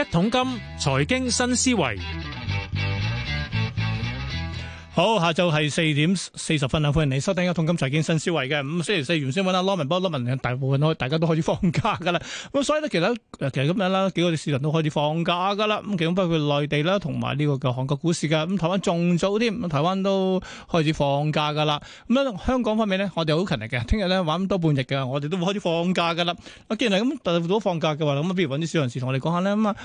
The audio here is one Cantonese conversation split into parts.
一桶金，財經新思維。好，下晝係四點四十分啊！歡迎你收聽一《一通金財經新思維》嘅。咁星期四原先揾阿 Lawman，幫阿 Lawman 大部分大家都開始放假噶啦。咁所以咧，其實其實今日啦，幾個市場都開始放假噶啦。咁其中包括內地啦，同埋呢個嘅韓國股市嘅。咁台灣仲早啲，台灣都開始放假噶啦。咁、嗯、香港方面呢，我哋好勤力嘅，聽日咧玩多半日嘅，我哋都會開始放假噶啦。既然係咁，到放假嘅話，咁不如揾啲小人事同我哋講下咧。咁啊，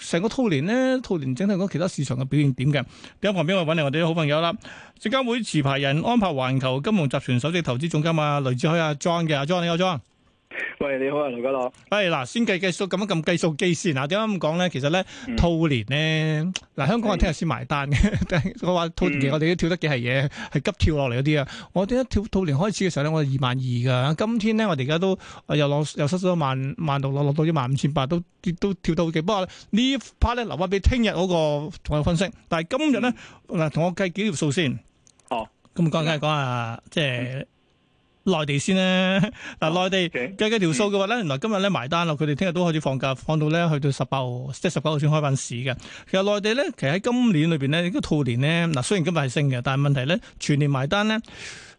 成個兔年呢，兔年整體講其他市場嘅表現點嘅？咁旁邊我揾嚟我哋啲好朋友啦。證監會，會持牌人安排，環球金融集團首席投資總監啊，雷志海啊，John 嘅啊，John 你好 John。喂，你好啊，盧家樂。哎，嗱，先計計數咁樣咁計數機先。嗱，點解咁講咧？其實咧，兔、嗯、年咧，嗱，香港係聽日先埋單嘅、嗯。 我話兔年我哋都跳得幾係嘢，係急跳落嚟嗰啲啊。我點解跳兔年開始嘅時候咧，我係二萬二噶？今天咧，我哋而家都、呃、又落又失咗萬萬六，落落到一萬五千八，都都跳到極。不過呢一 part 咧，留翻俾聽日嗰個同我分析。但係今日咧，嗱、嗯，同我計幾條數先。哦，咁講下講下，即係。嗯內地先咧，嗱，內地計計條數嘅話咧，原來今日咧埋單咯，佢哋聽日都開始放假，放到咧去到十八號，即係十九號先開翻市嘅。其實內地咧，其實喺今年裏邊咧，都兔年咧，嗱，雖然今日係升嘅，但係問題咧，全年埋單咧。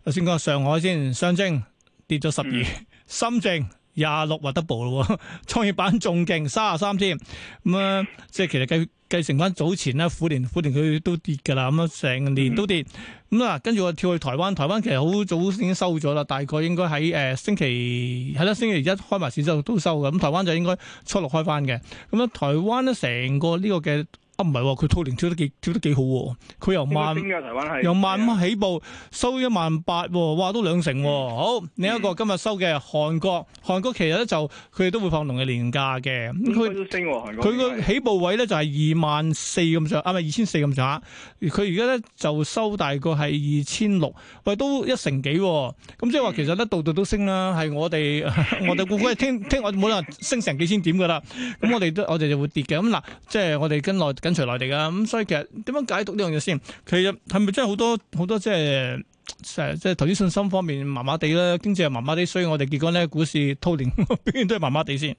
先講上海先，上證跌咗十二，深證廿六或得步咯，創業板仲勁卅啊三添，咁啊即係其實計。呃 繼承翻早前咧，虎年虎年佢都跌嘅啦，咁啊成年都跌咁啦。跟住我跳去台灣，台灣其實好早已經收咗啦，大概應該喺誒、呃、星期係啦、嗯，星期一開埋市之後都收嘅。咁、嗯、台灣就應該初六開翻嘅。咁、嗯、啊，台灣咧成個呢個嘅。唔係喎，佢兔、啊啊、年跳得幾跳得幾好喎、啊？佢由萬由萬五起步，收一萬八，哇，都兩成喎、哦！好，另一個今日收嘅係韓國，嗯、韓國其實咧就佢哋都會放農嘅年假嘅，咁佢佢個起步位咧就係二萬四咁上，啊唔係二千四咁渣，佢而家咧就收大概係二千六，喂，都一成幾、哦，咁即係話其實咧度度都升啦、啊，係我哋 我哋估估聽聽我冇啦，升成幾千點噶啦，咁我哋都我哋就會跌嘅，咁嗱，即係我哋跟落。緊。除內地噶咁，所以其實點樣解讀呢樣嘢先？其實係咪真係好多好多即係誒，即係投資信心方面麻麻地啦，經濟又麻麻地，所以我哋結果咧股市全年表現都係麻麻地先。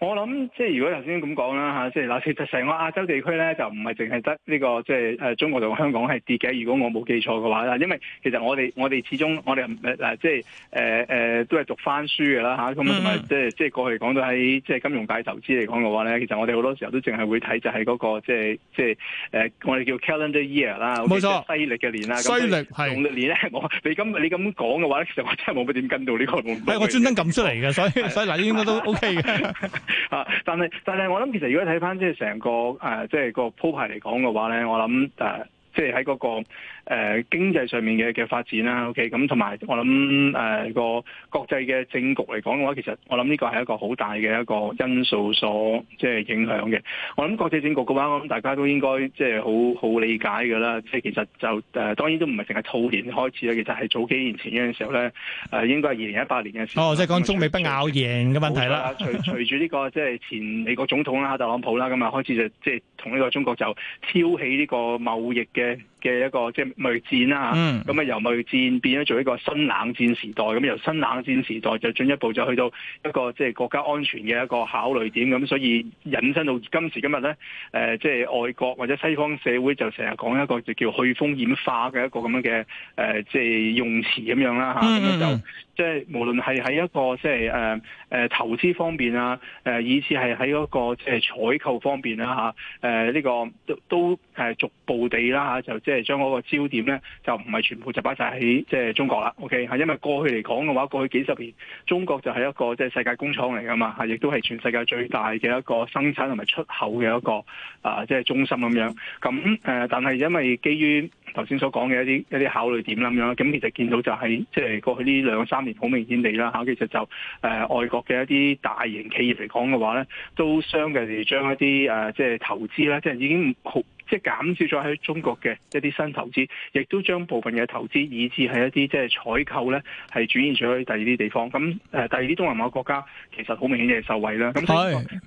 我諗即係如果頭先咁講啦嚇，即係嗱，其實成個亞洲地區咧就唔係淨係得呢個即係誒中國同香港係跌嘅。如果我冇記錯嘅話啦，因為其實我哋我哋始終我哋嗱即係誒誒都係讀翻書嘅啦嚇，咁同埋即係即係過去講到喺即係金融界投資嚟講嘅話咧，其實我哋好多時候都淨係會睇就係嗰個即係即係誒我哋叫 calendar year 啦，冇錯，西曆嘅年啦，西曆，係，農曆年咧，我係你咁你咁講嘅話咧，其實我真係冇乜點跟到呢個，我專登撳出嚟嘅，所以所以嗱，應該都 OK 嘅。啊！但係但係，我諗其實如果睇翻即係成個誒，即係個鋪排嚟講嘅話咧，我諗誒，即係喺嗰個。誒、呃、經濟上面嘅嘅發展啦，OK，咁同埋我諗誒個國際嘅政局嚟講嘅話，其實我諗呢個係一個好大嘅一個因素，所即係影響嘅。我諗國際政局嘅話，我諗大家都應該即係好好理解㗎啦。即係其實就誒當然都唔係淨係兔年開始啦，其實係、呃、早幾年前嗰陣時候咧誒、呃，應該係二零一八年嘅時候。哦，即係講中美不咬贏嘅問題啦。 隨隨住呢個即係前美國總統啦，特朗普啦咁啊，開始就即係同呢個中國就挑起呢個貿易嘅嘅一個即係貿易戰啦，咁、嗯、啊、嗯、由貿易戰變咗做一個新冷戰時代，咁、嗯、由新冷戰時代就進一步就去到一個即係國家安全嘅一個考慮點，咁所以引申到今時今日咧，誒、呃、即係外國或者西方社會就成日講一個就叫去風險化」嘅一個咁樣嘅誒、呃、即係用詞咁樣啦嚇，咁就即係無論係喺一個即係誒誒投資方面啊，誒以至係喺嗰個即係、就是、採購方面啦嚇，誒、啊、呢、啊啊這個都都誒逐步地啦嚇就。啊即係將嗰個焦點咧，就唔係全部就擺晒喺即係中國啦。OK，係因為過去嚟講嘅話，過去幾十年中國就係一個即係、就是、世界工廠嚟噶嘛，係亦都係全世界最大嘅一個生產同埋出口嘅一個啊，即、就、係、是、中心咁樣。咁誒，但係因為基於頭先所講嘅一啲一啲考慮點咁樣，咁其實見到就係即係過去呢兩三年好明顯地啦嚇，其實就誒、啊、外國嘅一啲大型企業嚟講嘅話咧，都相繼哋將一啲誒即係投資啦，即、就、係、是、已經好。即係減少咗喺中國嘅一啲新投資，亦都將部分嘅投資以至係一啲即係採購咧，係轉移咗去第二啲地方。咁誒，第二啲東南亞國家其實好明顯係受惠啦。咁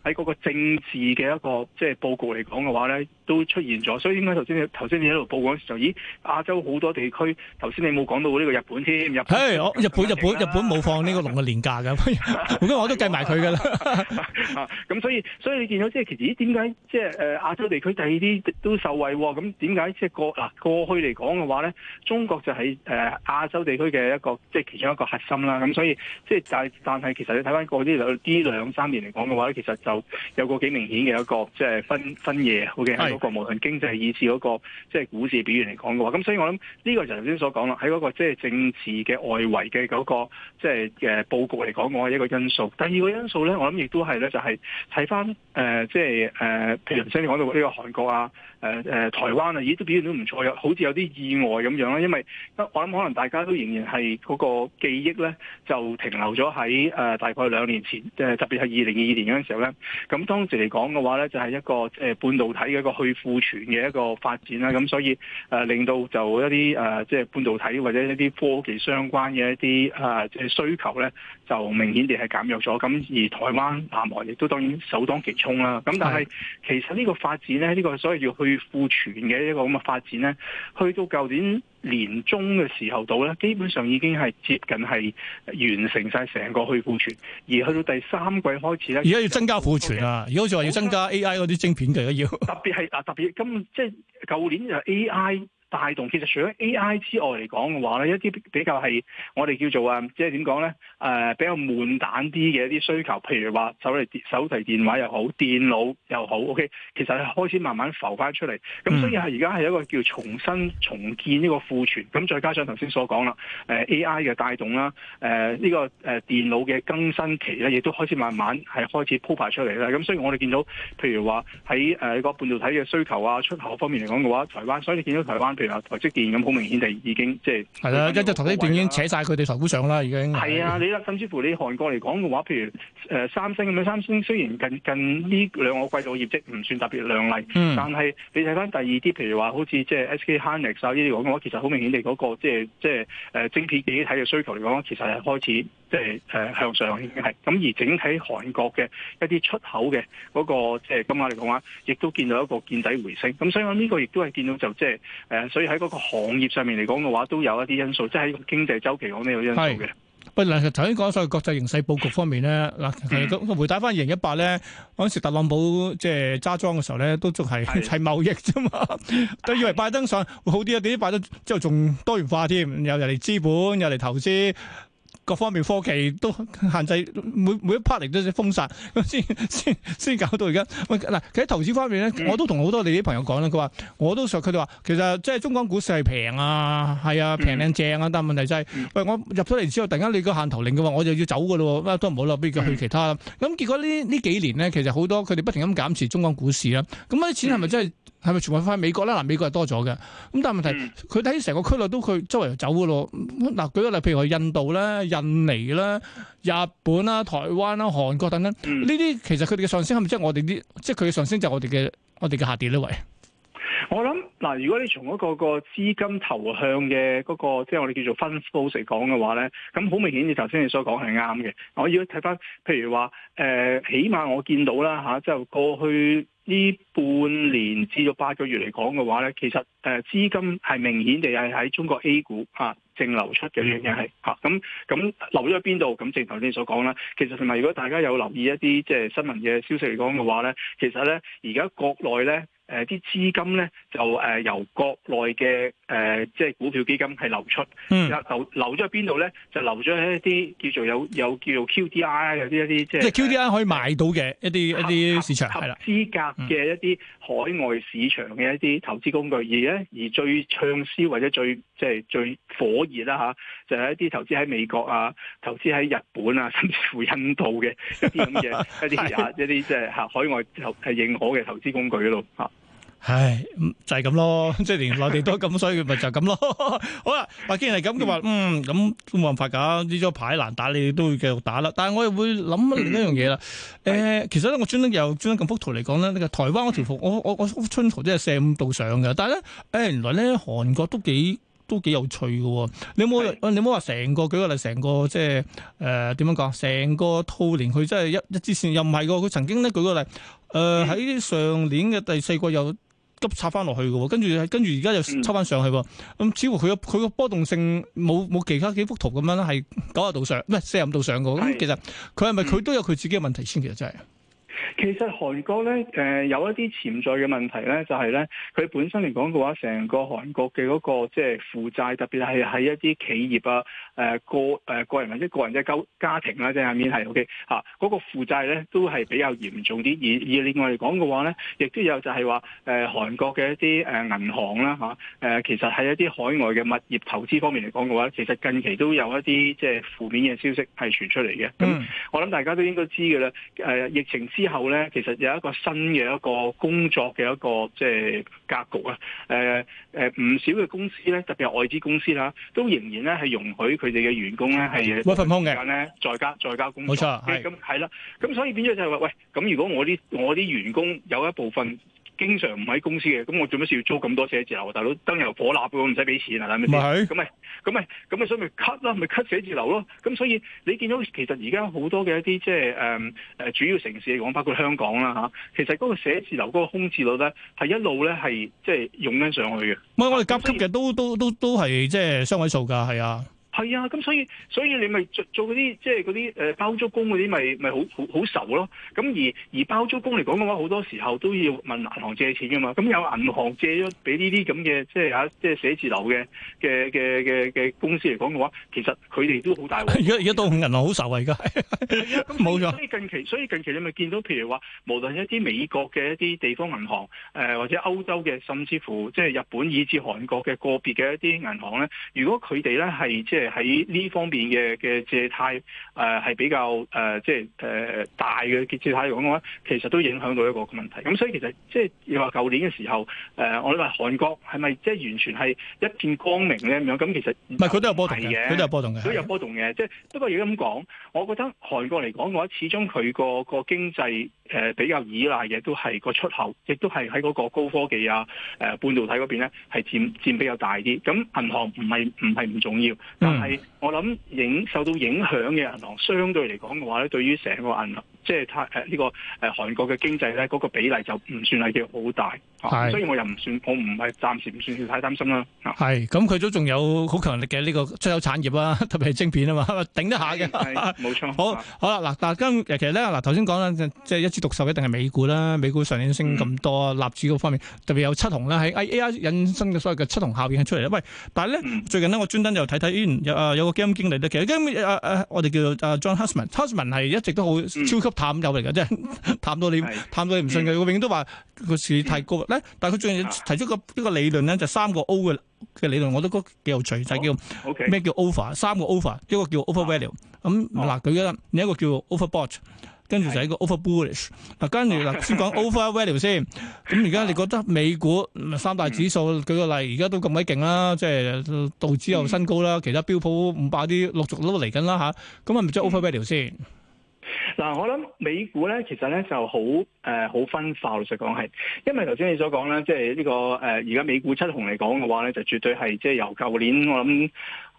喺嗰個政治嘅一個即係報告嚟講嘅話咧，都出現咗。所以點解頭先你頭先你喺度報嗰陣時，咦？亞洲好多地區，頭先你冇講到呢個日本添？日本日本日本冇放呢個龍嘅年假㗎，咁樣我都計埋佢㗎啦。咁所以所以你見到即係其實咦？點解即係誒亞洲地區第二啲都受惠喎，咁點解？即係過嗱過去嚟講嘅話咧，中國就係誒亞洲地區嘅一個即係、即係、其中一個核心啦。咁所以即係但係，但係其實你睇翻過啲兩呢兩三年嚟講嘅話咧，其實就有個幾明顯嘅一個即係、即係、分分野。O.K. 喺嗰個的無論經濟以至嗰個即係股市表現嚟講嘅話，咁所以我諗呢個、嗰個、就頭先所講啦，喺嗰個即係政治嘅外圍嘅嗰、嗰個即係誒佈局嚟講，我係一個因素。第二個因素咧，我諗亦都係咧，就係睇翻誒即係誒，譬如頭先你講到呢個韓國啊。誒誒、呃，台灣啊，咦，都表現都唔錯，好有好似有啲意外咁樣啦，因為我諗可能大家都仍然係嗰個記憶咧，就停留咗喺誒大概兩年前，即、呃、誒特別係二零二二年嗰陣時候咧，咁當時嚟講嘅話咧，就係、是、一個誒半導體嘅一個去庫存嘅一個發展啦，咁所以誒、呃、令到就一啲誒即係半導體或者一啲科技相關嘅一啲啊即係需求咧，就明顯地係減弱咗，咁而台灣、南韓亦都當然首當其衝啦。咁但係其實呢個發展咧，呢、呢個所謂叫「去庫存」嘅一個咁嘅發展咧，去到舊年年中嘅時候到咧，基本上已經係接近係完成晒成個去庫存，而去到第三季開始咧，而家要增加庫存啊，而家好似話要增加 AI 嗰啲晶片嘅都要 特，特別係嗱特別今即係舊年就 AI。帶動其實除咗 A.I. 之外嚟講嘅話咧，一啲比較係我哋叫做啊，即係點講咧？誒、呃、比較悶蛋啲嘅一啲需求，譬如話手提手提電話又好，電腦又好，OK，其實係開始慢慢浮返出嚟。咁所以係而家係一個叫重新重建呢個庫存。咁再加上頭先所講啦，誒、呃、A.I. 嘅帶動啦，誒、呃、呢、這個誒電腦嘅更新期咧，亦都開始慢慢係開始鋪排出嚟啦。咁所以我哋見到，譬如話喺誒個半導體嘅需求啊、出口方面嚟講嘅話，台灣，所以你見到台灣。譬如台積電咁，好明顯地已經即係係啦，一就台積電已經扯晒佢哋台股上啦，已經係啊，你啦，甚至乎你韓國嚟講嘅話，譬如誒、呃、三星咁樣，三星雖然近近呢兩個季度業績唔算特別亮麗，嗯、但係你睇翻第二啲，譬如話好似即係 SK Hynix 啊呢啲嚟講嘅話，其實好明顯地嗰、那個即係即係誒晶片自己睇嘅需求嚟講，其實係開始。即係誒向上已經係咁，而整體韓國嘅一啲出口嘅嗰、嗰個即係金額嚟講話，亦都見到一個見底回升。咁所以我呢個亦都係見到就即係誒，所以喺嗰個行業上面嚟講嘅話，都有一啲因素，即係喺經濟周期講咧有因素嘅。不過，頭先講咗喺國際形勢佈局方面咧，嗱、 嗯，回帶翻二零一八咧，嗰陣時特朗普即係揸莊嘅時候咧，都仲係係貿易啫嘛，是 都以為拜登上會好啲啊？點知拜登之後仲多元化添，又嚟資本，又嚟投資。各方面科技都限制每每一 part 嚟都封殺，先先先搞到而家。喂嗱，其實投資方面咧，我都同好多你啲朋友講啦。佢話我都想。佢哋話其實即係中港股市係平啊，係啊，平靚正啊。但問題就係，是，喂我入咗嚟之後，突然間你個限投令嘅話，我就要走嘅咯，啊。乜都唔好啦，不如去其他啦。咁結果呢呢幾年咧，其實好多佢哋不停咁減持中港股市啦。咁啲錢係咪真係？嗯係咪全部翻美國咧？嗱，美國係多咗嘅。咁但係問題，佢喺成個區內都佢周圍走嘅咯。嗱，舉個例，譬如話印度啦、印尼啦、日本啦、台灣啦、韓國等等，呢啲其實佢哋嘅上升是是是，係咪即係我哋啲，即係佢嘅上升就係我哋嘅我哋嘅下跌呢位？我諗嗱，如果你從嗰個個資金投向嘅嗰、那個，即係我哋叫做分佈嚟講嘅話咧，咁好明顯，你頭先你所講係啱嘅。我要睇翻，譬如話，誒、呃，起碼我見到啦即、啊、就過去呢半年至到八個月嚟講嘅話咧，其實誒、啊、資金係明顯地係喺中國 A 股嚇淨、啊、流出嘅樣嘢係嚇，咁咁流咗喺邊度？咁、啊、正如頭先你所講啦，其實同埋如果大家有留意一啲即係新聞嘅消息嚟講嘅話咧，其實咧而家國內咧。誒啲資金咧就誒由國內嘅誒即係股票基金係流出，嗯，留留咗喺邊度咧？就流咗喺一啲叫做有有叫做 QDII 有啲一啲、就是、即係，即係 QDII 可以買到嘅一啲是一啲市場，合資格嘅一啲海外市場嘅一啲投資工具，嗯、而咧而最暢銷或者最即係最火熱啦嚇，就係、是、一啲投資喺美國啊，投資喺日本啊，甚至乎印度嘅一啲咁嘅一啲些 一啲即係嚇海外投係認可嘅投資工具咯嚇。啊啊唉，就係、是、咁咯，即係連內地都咁，所以咪就咁咯。呵呵好啦、啊，既然係咁，佢話嗯咁都冇辦法噶，呢張牌難打，你哋都會繼續打啦。但係我又會諗另一樣嘢啦。誒、呃，其實咧，我專登又專登咁幅圖嚟講咧，台灣嗰條幅，我我我幅春圖都係四五度上嘅。但係咧，誒，原來咧韓國都幾都幾有趣嘅。你冇你冇話成個舉個例，成個即係誒點樣講？成、呃、個兔年佢真係一一支線又唔係噶，佢曾經咧舉個例，誒、呃、喺上年嘅第四季又。急插翻落去嘅，跟住跟住而家又抽翻上去，咁、嗯嗯、似乎佢個佢個波動性冇冇其他幾幅圖咁樣係九十度上，唔係四十五度上嘅，咁係、嗯嗯、其實佢係咪佢都有佢自己嘅問題先？其實真係。其實韓國咧，誒、呃、有一啲潛在嘅問題咧，就係、是、咧，佢本身嚟講嘅話，成個韓國嘅嗰、那個即係負債，特別係喺一啲企業、呃、是是是是 okay，啊、誒個誒個人或者個人嘅家家庭啦，即係下面係 OK 嚇嗰個負債咧，都係比較嚴重啲。而以，以另外嚟講嘅話咧，亦都有就係話誒韓國嘅一啲誒銀行啦嚇誒，其實喺一啲海外嘅物業投資方面嚟講嘅話，其實近期都有一啲即係負面嘅消息係傳出嚟嘅。咁我諗大家都應該知嘅啦，誒、呃、疫情之後。咧，其實有一個新嘅一個工作嘅一個即係格局啊！誒、呃、誒，唔、呃、少嘅公司咧，特別係外資公司啦、啊，都仍然咧係容許佢哋嘅員工咧係部分時間咧在家在家，在家工作冇錯，係咁係啦，咁、啊啊啊、所以變咗就係、是、話，喂，咁如果我啲我啲員工有一部分。經常唔喺公司嘅，咁我做乜事要租咁多寫字樓？大佬燈油火蠟嘅，我唔使俾錢啊！係咪先？咁咪咁咪咁咪，所以咪 cut 啦，咪 cut 寫字樓咯。咁所以你見到其實而家好多嘅一啲即係誒誒主要城市嚟講，包括香港啦嚇、啊，其實嗰個寫字樓嗰個空置率咧係一路咧係即係湧緊上去嘅。唔係是，是我哋甲級嘅以都都都都係即係雙位數㗎，係啊。係啊，咁、哎、所以所以你咪做嗰啲即係嗰啲誒包租公嗰啲，咪咪好好好愁咯。咁而而包租公嚟講嘅話，好多時候都要問銀行借錢㗎嘛。咁有銀行借咗俾呢啲咁嘅即係啊，即係寫字樓嘅嘅嘅嘅嘅公司嚟講嘅話，其實佢哋都好大鑊。而家而家都銀行好愁啊，而家冇錯。所以近期，所以近期你咪見到，譬如話，無論一啲美國嘅一啲地方銀行，誒、呃、或者歐洲嘅，甚至乎即係日本以至韓國嘅個別嘅一啲銀行咧，如果佢哋咧係即係。即喺呢方面嘅嘅借貸，誒、呃、係比較誒、呃、即係誒、呃、大嘅借貸嚟講咧，其實都影響到一個問題。咁所以其實即係話舊年嘅時候，誒、呃、我哋話韓國係咪即係完全係一片光明咧？咁樣咁其實唔係，佢都有波動嘅，佢都有波動嘅，的佢都有波動嘅。即係的不過如果咁講，我覺得韓國嚟講嘅話，我始終佢個個經濟。誒、呃、比較依賴嘅都係個出口，亦都係喺嗰個高科技啊，誒、呃、半導體嗰邊咧，係佔佔比較大啲。咁銀行唔係唔係唔重要，但係我諗影受到影響嘅銀行，相對嚟講嘅話咧，對於成個銀行即係太誒呢個誒、呃、韓國嘅經濟咧，嗰、那個比例就唔算係叫好大。係、 啊，所以我又唔算，我唔係暫時唔算是太擔心啦。係、啊，咁佢都仲有好強力嘅呢個出口產業啦、啊，特別係晶片啊嘛，頂得下嘅。冇錯。好，好、啊、啦，嗱，嗱，今日其實咧，嗱，頭先講啦，即係一枝獨秀一定係美股啦，美股上年升咁多，納指嗰方面特別有七紅啦，喺 A I、AR、引申嘅所謂嘅七紅效應出嚟啦。喂，但係咧、嗯、最近呢，我專登又睇睇，有啊有個基金經理咧，其實跟啊啊我哋叫做 John Hussman，Hussman 係一直都好、嗯、超級淡友嚟嘅，即係淡到你、嗯、淡到你唔信嘅，佢永遠都話個市太高。嗯但係佢最提出個呢個理論咧，就三個 O 嘅嘅理論，我都覺得幾有趣，就係叫咩叫 over，三個 over，一個叫 overvalue，咁嗱舉一啦，另一個叫 overbought，跟住就係個 overbullish。嗱，跟住嗱，先講 overvalue 先，咁而家你覺得美股三大指數 舉個例，而家都咁鬼勁啦，即係道指又新高啦，其他標普五百啲陸續都嚟緊啦吓，咁、啊、咪唔知 overvalue 先。嗱，但我諗美股咧，其實咧就好誒好分化。老實講係，因為頭先你所講咧，即係呢、這個誒而家美股七雄嚟講嘅話咧，就絕對係即係由舊年我諗誒、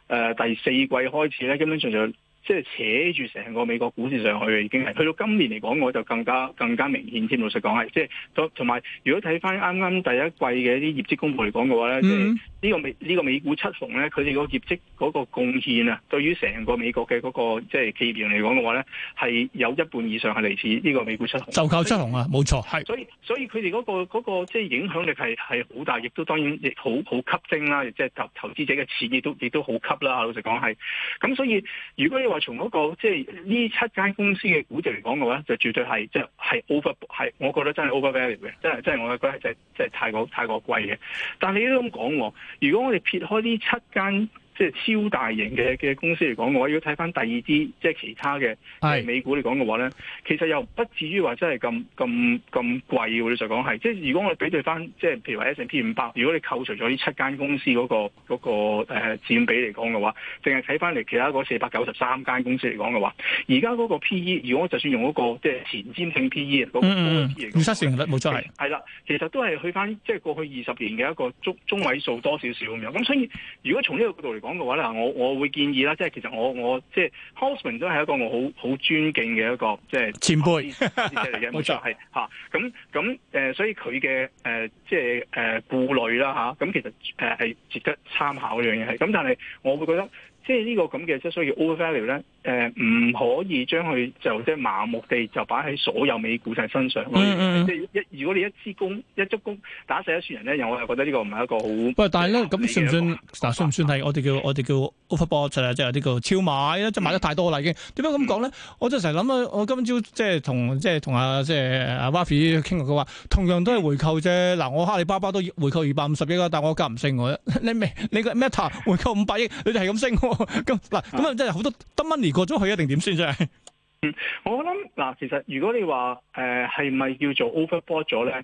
呃、第四季開始咧，基本上就。即係扯住成個美國股市上去，嘅已經係去到今年嚟講，我就更加更加明顯添。老實講係，即係同埋，如果睇翻啱啱第一季嘅一啲業績公佈嚟講嘅話咧，即係呢個美呢、這個美股七雄咧，佢哋個業績嗰個貢獻啊，對於成個美國嘅嗰、那個即係企 p 嚟講嘅話咧，係有一半以上係嚟自呢個美股七雄。就靠七雄啊，冇錯，係。所以所以佢哋嗰個即係、那個就是、影響力係係好大，亦都當然亦好好吸精啦，亦即係投投資者嘅錢亦都亦都好吸啦。老實講係，咁所以如果從嗰、嗰個即係呢七間公司嘅估值嚟講嘅話，就絕對係即係係 over，係我覺得真係 overvalue 嘅，真係真係我覺得真係真係太過太過貴嘅。但係你都咁講，如果我哋撇開呢七間。即係超大型嘅嘅公司嚟講嘅話，如果睇翻第二啲，即係其他嘅美股嚟講嘅話咧，其實又不至於話真係咁咁咁貴。你就講係，即係如果我哋比對翻，即係譬如話 S&P 五百，500，如果你扣除咗呢七間公司嗰個嗰個、呃、佔比嚟講嘅話，淨係睇翻嚟其他嗰四百九十三間公司嚟講嘅話，而家嗰個 P/E，如果就算用嗰個即係前瞻性 P/E 嗰個 P/E，市盈率冇錯係，係啦、嗯嗯，其實都係去翻即係過去二十年嘅一個中中位數多少少咁樣。咁所以如果從呢個角度嚟講，講嘅話咧，我我會建議啦，即係其實我我即係 Hosman 都係一個我好好尊敬嘅一個即係前輩嚟嘅。冇錯係嚇。咁咁誒，所以佢嘅誒即係誒顧慮啦嚇。咁其實誒係值得參考呢樣嘢係。咁但係我會覺得即係呢個咁嘅即係需要 overvalue 咧。誒，唔、呃、可以將佢就即係麻木地就擺喺所有美股仔身上即係、嗯嗯、一如果你一支公、一足公打死一船人咧，又我又覺得呢個唔係一個好。喂，但係咧咁算唔算？嗱，算唔算係我哋叫我哋叫 overbought 即係即係呢個超買即係買得太多啦已經。點解咁講咧？我就成日諗啊！我今朝即係同即係同阿即係阿 Wafi 傾過，佢話同樣都係回購啫。嗱，我阿里巴巴都回購二百五十億啦，但我價唔升我啫。你未你個 Meta 回購五百億，你就係咁升。咁嗱咁啊，即係好多。過咗去一定點算啫？嗯 我諗嗱，其實如果你話誒係咪叫做 overboard 咗咧？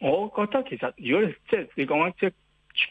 我覺得其實如果即係你講即係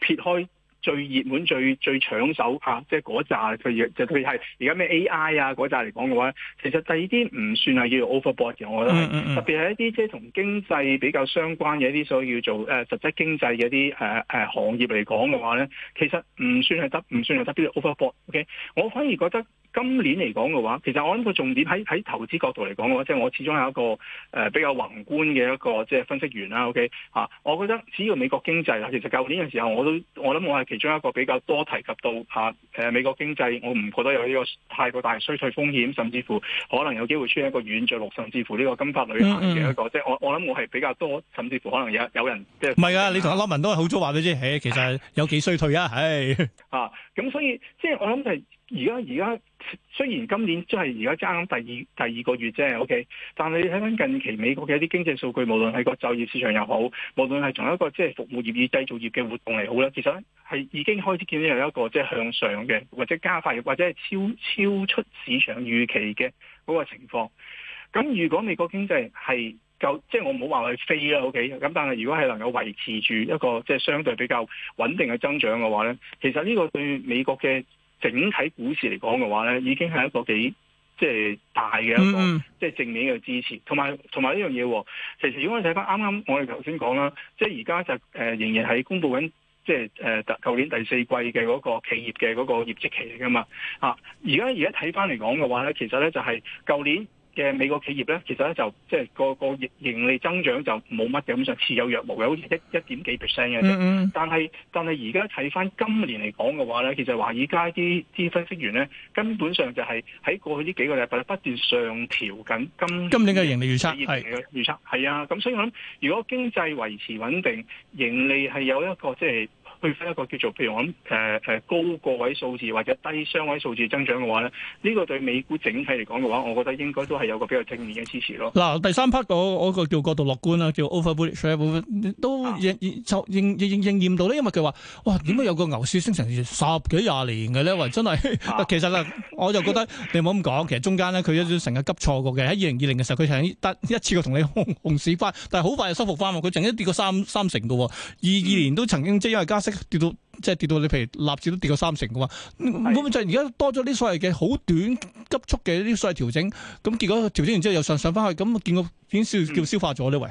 撇開最熱門、最最搶手吓、啊，即係嗰扎，佢就特別係而家咩 A.I. 啊嗰扎嚟講嘅話咧，其實第二啲唔算係叫做 overboard 嘅。我覺得、嗯嗯、特別係一啲即係同經濟比較相關嘅一啲，所謂叫做誒、呃、實質經濟嘅一啲誒誒行業嚟講嘅話咧，其實唔算係得，唔算係得，叫做 overboard。O.K. 我反而覺得。今年嚟講嘅話，其實我諗個重點喺喺投資角度嚟講嘅話，即、就、係、是、我始終係一個誒、呃、比較宏觀嘅一個即係、就是、分析員啦。OK 啊，我覺得只要美國經濟啦，其實舊年嘅時候我都我諗我係其中一個比較多提及到啊誒、呃、美國經濟，我唔覺得有呢個太過大衰退風險，甚至乎可能有機會出現一個軟着陸，甚至乎呢個金髮旅行嘅一個，即係、嗯嗯、我我諗我係比較多，甚至乎可能有有人即係唔係啊？啊你同阿 l o、ok、文都係好早話咗先，誒，其實有幾衰退啊？唉， 啊，咁、 啊、所以即係、就是、我諗就係。而家而家雖然今年即係而家爭第二第二個月啫，O K。Okay? 但你睇翻近期美國嘅一啲經濟數據，無論係個就業市場又好，無論係從一個即係服務業與製造業嘅活動嚟好啦，其實呢係已經開始見到有一個即係向上嘅，或者加快，或者係超超出市場預期嘅嗰個情況。咁如果美國經濟係夠，即係、就是、我唔好話佢飛啦，O K。咁、okay? 但係如果係能夠維持住一個即係相對比較穩定嘅增長嘅話咧，其實呢個對美國嘅整體股市嚟講嘅話咧，已經係一個幾即係大嘅一個即係、mm hmm. 正面嘅支持，同埋同埋呢樣嘢，其實如果睇翻啱啱我哋頭先講啦，即係而家就誒、呃、仍然係公布緊即係誒舊年第四季嘅嗰個企業嘅嗰個業績期嚟噶嘛啊，而家而家睇翻嚟講嘅話咧，其實咧就係舊年。嘅美國企業咧，其實咧就即係、就是、個個盈利增長就冇乜嘅。基本上持有弱模嘅，好似一一點幾 percent 嘅啫。但係但係而家睇返今年嚟講嘅話咧，其實華爾街啲啲分析員咧，根本上就係喺過去呢幾個禮拜不斷上調緊今今年嘅盈利預測係預測係啊，咁所以我諗如果經濟維持穩定，盈利係有一個即係。就是去翻一個叫做譬如我諗誒誒高個位數字或者低雙位數字增長嘅話咧，呢、呢個對美股整體嚟講嘅話，我覺得應該都係有個比較正面嘅支持咯。嗱，第三 part 我個叫過度樂觀啦，叫 over bullish 所有部分都認、啊、認就認認，認驗到咧，因為佢話哇點解有個牛市升成十幾廿年嘅咧？喂、嗯，真係其實啊，我就覺得你唔好咁講。其實中間咧，佢有啲成日急錯過嘅。喺二零二零嘅時候，佢曾係得一次過同你熊，熊市翻，但係好快就收復翻喎。佢曾經跌過三三成嘅喎，二二年都曾經即係因為加跌到即係跌到你，譬如納指都跌過三成嘅話，咁就而家多咗啲所謂嘅好短急促嘅啲所謂調整，咁結果調整完之後又上上翻去，咁見個點消叫消化咗、嗯、呢位。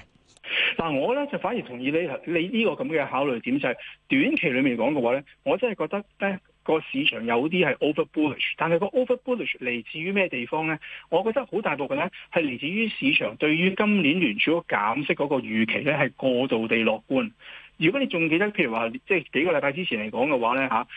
嗱，我咧就反而同意你你呢個咁嘅考慮點就係、是、短期裏面講嘅話咧，我真係覺得咧個市場有啲係 over bullish，但係個 over bullish 嚟自於咩地方咧？我覺得好大部分咧係嚟自於市場對於今年聯儲嗰減息嗰個預期咧係過度地樂觀。如果你仲記得，譬如話，即係幾個禮拜之前嚟講嘅話咧，嚇、啊，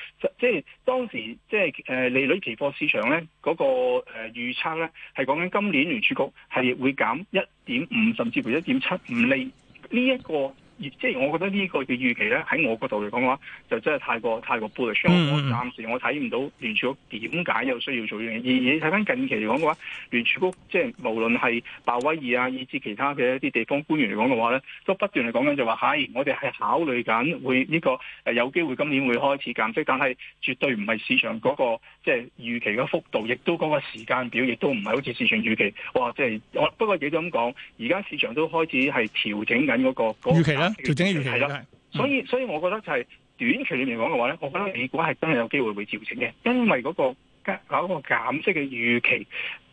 即係當時即係誒利率期貨市場咧，嗰個誒預測咧，係講緊今年聯儲局係會減一點五，甚至乎一點七五釐呢一個。即係我覺得呢個嘅預期咧，喺我角度嚟講嘅話，就真係太過太過 bullish。我暫時我睇唔到聯儲局點解有需要做呢樣嘢。你睇翻近期嚟講嘅話，聯儲局即係無論係鮑威爾啊，以至其他嘅一啲地方官員嚟講嘅話咧，都不斷嚟講緊就話，係我哋係考慮緊會呢個誒有機會今年會開始減息，但係絕對唔係市場嗰個。即係預期嘅幅度，亦都嗰個時間表，亦都唔係好似市場預期。哇！即係我不過亦都咁講，而家市場都開始係調整緊嗰、那個預期啦，啊，調整預期啦的然。所以所以，我覺得就係、是、短期裏面講嘅話咧，我覺得美股係真係有機會會調整嘅，因為嗰、那個搞、那個減息嘅預期。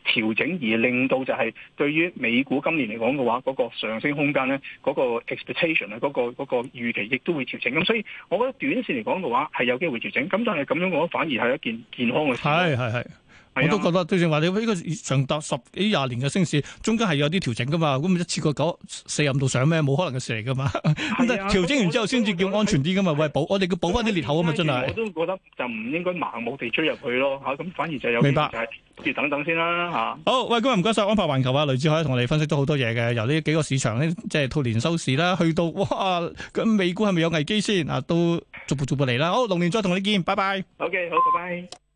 調整而令到就係對於美股今年嚟講嘅話，嗰個上升空間咧，嗰個 expectation 啊，嗰個嗰個預期亦都會調整。咁所以，我覺得短線嚟講嘅話係有機會調整。咁但係咁樣講，反而係一件健康嘅事。係係係。 我都覺得，對正話你呢個長達十幾廿年嘅升市，中間係有啲調整噶嘛，咁咪一次過九四任度上咩？冇可能嘅事嚟噶嘛！咁 但係調整完之後先至叫安全啲噶嘛？喂，補我哋要補翻啲裂口啊嘛！真係我都覺得就唔應該盲目地追入去咯嚇，咁反而就有其、就是、明白要等等先啦嚇。好，喂，今日唔該晒，安柏環球啊，雷志海同我哋分析咗好多嘢嘅，由呢幾個市場咧，即係兔年收市啦，去到哇，咁美股係咪有危機先啊？都逐步逐步嚟啦。好，龍年再同你見，拜拜。好嘅，好，拜拜。